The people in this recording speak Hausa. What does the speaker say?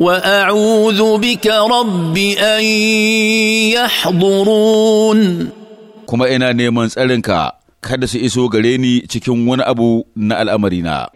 واعوذ بك رب ان يحضرون kuma ina neman tsarinka kada su iso gare ni cikin wani abu na al'amarina.